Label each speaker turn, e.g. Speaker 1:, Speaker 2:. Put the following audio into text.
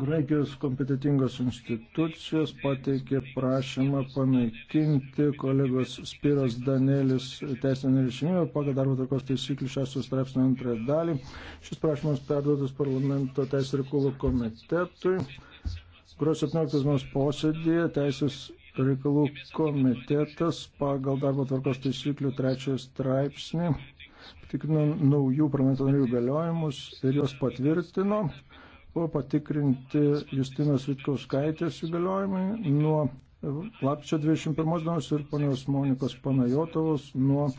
Speaker 1: Graikijos kompetitingos institucijos pateikė prašymą panaikinti kolegos Spiros Danelis teisinę neliečiamybę pagal darbo tvarkos taisyklių 6 straipsnio antrąją dalį. Šis prašymas perduotas parlamento teisės reikalų komitetui. Gruodžio 17 dienos posėdėje teisės reikalų komitetas pagal darbo tvarkos taisyklių 3 straipsnį patikrino naujų parlamento narių galiojimus ir juos patvirtino buvo patikrinti Justinos Vitkauskaitės įgaliojimai nuo lapčio 21 dienos ir ponios Monikos Panajotovos
Speaker 2: nuo